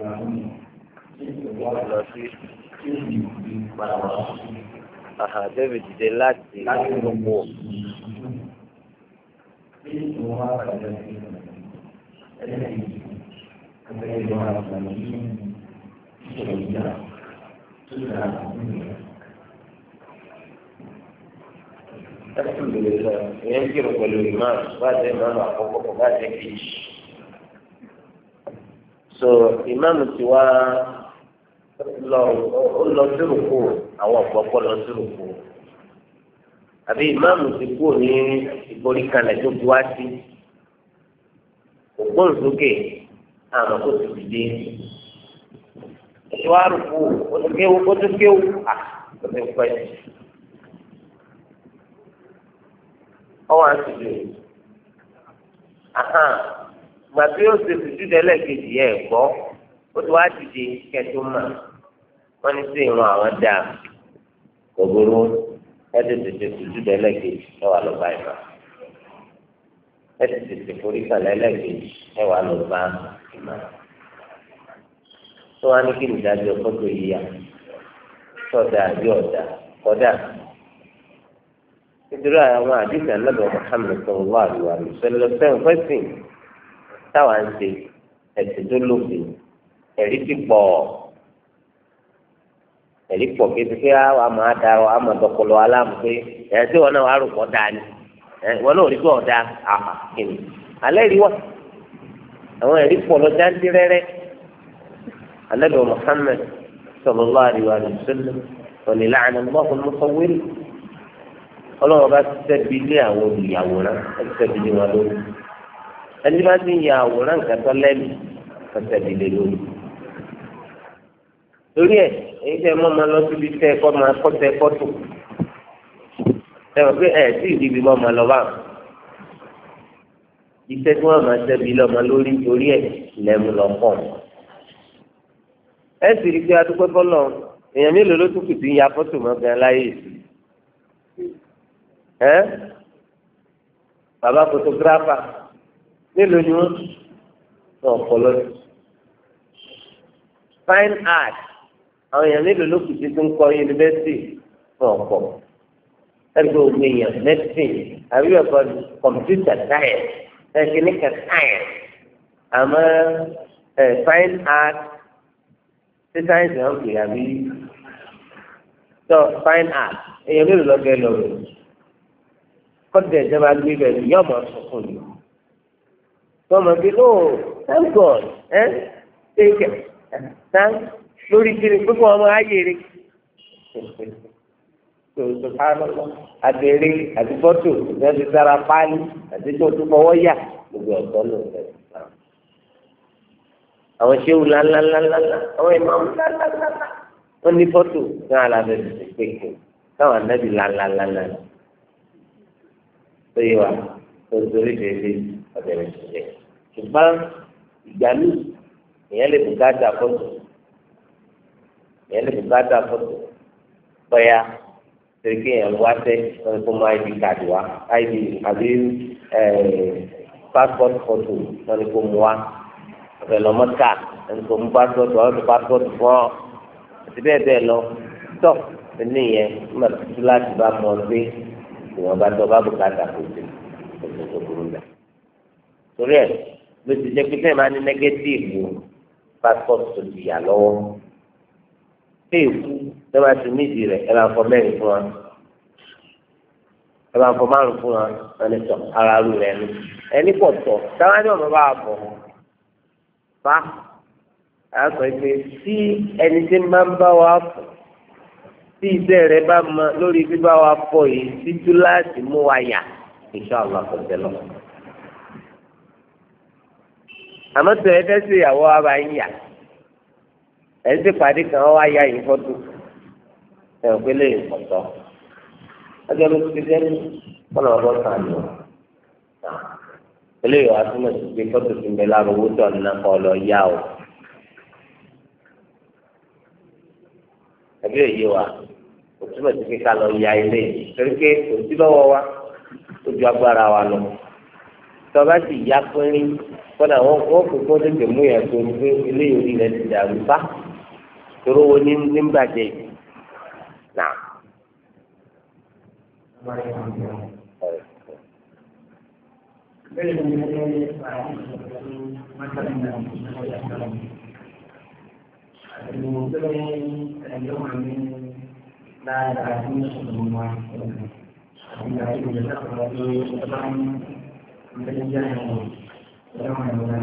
Aha, David dìde láti gbogbo. Ẹ̀sùn lè lọ, ìyẹn kí o pẹ̀lú ìmáà, bá jẹ́ ìmáà àkọ́kọ́, bá jẹ́ kejì so ìmáàmù ti wá lọ ó lọ sírò kù àwọn ọ̀pọ̀pọ̀ lọ sírò kù àbí ìmáàmù ti kú ní ìborí kalẹ̀ tó bu wá sí ògbóǹsókè àmọ́ kó ti dìde ìṣòwò àrùkù ó ti kéwu ó ti kéwu à ó ti pẹ́ ọwọ́ àti ìlú ahàn. tí ó ṣe sùjúdù ẹlẹ́ẹ̀kejì ẹ̀ gbọ́ ó ti wá dìde kẹtó mà wọ́n ní sí ìran àwọn dà kò ẹ ti tètè sùjúdù ẹlẹ́ẹ̀kejì ẹ wà lọ́ba ìmọ̀ ẹ ti tètè forí kalẹ̀ ẹlẹ́ẹ̀kejì ẹ wà lọ́ba tó ní kí nìdájọ́ yíya sọ̀dà àbí ọ̀dà nítorí àwọn àdìsàn lọ́dọ̀ táwa ń ṣe ẹ̀sìn tó lòdì ẹ̀rí ti pọ̀ ẹ̀rí pọ̀ kéde pé àwọn àmọ́ adarọ̀ àmọ́ dọ̀kọlọ̀ aláàmú pé ẹ̀ wọn náà wà rúkọ̀ dáa ni wọn náà rí pé ọ̀dà àmà kìnnì alẹ́ rí wà àwọn ẹ̀rí pọ̀ lọ jáde rẹ́rẹ́ alẹ́ bẹ̀rẹ̀ Muhammad sallallahu alaihi wa sallam ọ̀nì láàánú lọ́kùn mọ́sánwérì ọlọ́run bá sẹ́bi ilé àwọn olùyàwòrán ẹ̀ ti sẹ́bi ilé wọn lórí ẹni bá ti yà àwòrán nǹkan tó lẹ́nu kọsẹ̀ ìdílé lórí. torí ẹ èyí tẹ mọ́ máa lọ síbi tẹ ẹ kọ́ máa kọ́ tẹ ẹ kọ́ tó ẹ mọ̀ pé ẹ sì ìdíbi mọ́ máa lọ bá iṣẹ́ tí wọ́n máa tẹ̀bi lọ́mọ lórí torí ẹ̀ lẹ́mu lọ́kọ̀ ẹ sì rí i pé adúpẹ́ bọ́lọ̀ èèyàn mélòó ló tún kìtì ń ya fọ́tò mọ́ gan láyé ẹ bàbá fotografa nílùú ni wọ́n sọ ọ̀pọ̀lọ́ ni. fine art àwọn èèyàn nílùú ló kù sí tó ń kọ́ yunifásitì fún ọ̀pọ̀ ẹgbẹ́ ògbé èèyàn medicine àbí ọ̀pọ̀ computer science technical science àmọ́ fine art ṣé science náà kì í àbí sọ fine art èèyàn nílùú lọ́gẹ́ lọ́rùn kọ́tù ìjọba gbé bẹ̀rù yọ̀bọ̀ sọ̀kùn yìí tọmọ bíi lóò thank god ẹ eh? take thank lórí kiri gbogbo ọmọ ayére tòótò kánú àbẹ̀rẹ̀ àdìgbọ́tò ìgbẹ́bí sára páálí àdìgbò tó fọwọ́ yà gbogbo ọ̀tọ́ ló ń bẹ̀. àwọn ṣéwù lálálálá àwọn ìmọ̀ọ́mù lálálálá wọ́n ní fọ́tò ní alábẹ́ ti pé kí káwọn anábì lálálálá lóye wa tòótò rí bèbè ọ̀bẹ̀rẹ̀ ti jẹ́ ṣùgbọ́n ìgbà míì èèyàn lè bùkátà fọ́tò èèyàn lè bùkátà fọ́tò bóyá torí pé èèyàn wá sẹ́ wọ́n ti kó mọ id card wá id àbí passport photo wọ́n ti kó mu wá ọ̀fẹ́ lọ́mọ ká wọ́n ti kó mu passport wọ́n ti passport fún ọ àti bẹ́ẹ̀ bẹ́ẹ̀ lọ tọ́ ẹni yẹn nígbà tuntun láti bá mọ gbé ìwọ̀nba tó bá bùkátà kò sí kò sí tó burú dà torí ẹ̀ ló ti jẹ́ pé tẹ́ máa ní nẹ́gẹ́tìfù passport tó ti yà lọ́wọ́ téèkù tẹ́ máa ti nídìí rẹ̀ ẹ máa fọ mẹ́rin fún wa ẹ máa fọ márùn fún wa ẹni tọ̀ ara rú rẹ̀ ni ẹni pọ̀ tọ̀ táwọn ẹni ọ̀mọ́ bá bọ̀ fa àtọ̀ ìpè tí ẹni tí máa ń bá wa fọ̀ tí iṣẹ́ rẹ̀ bá mọ lórí bíbá wa fọ̀ yìí títú láti mú wa yà ìṣọ́ àwọn àkọsẹ́ lọ́wọ́ àmọ́ tó ẹ fẹ́ ṣe ìyàwó wa bá ń yà ẹ̀ ń ṣe pàdé kan wá ya yìí fọ́tò ẹ̀ ń pélé ìpọ̀tọ́ ọjọ́ ló ti dẹ́ kọ́nà ọgbọ́n kan lò eléyìí wàá túmọ̀ sí pé fọ́tò ti ń bẹ lára owó tó ọ̀nà kan lọ yá o ẹbí òye wa kò túmọ̀ sí pé ká lọ ya ilé torí pé kò sí lọ́wọ́ wa ó ju agbára wa lọ tọ́ba sì yá pínrín kọ́dà wọn wọ́n kò kọ́ tètè mú yàn tó ní pé eléyìí orí rẹ̀ ti dàrú bá tóró wo ní ní bàjẹ́ yìí nà. Thank you. 哎呀！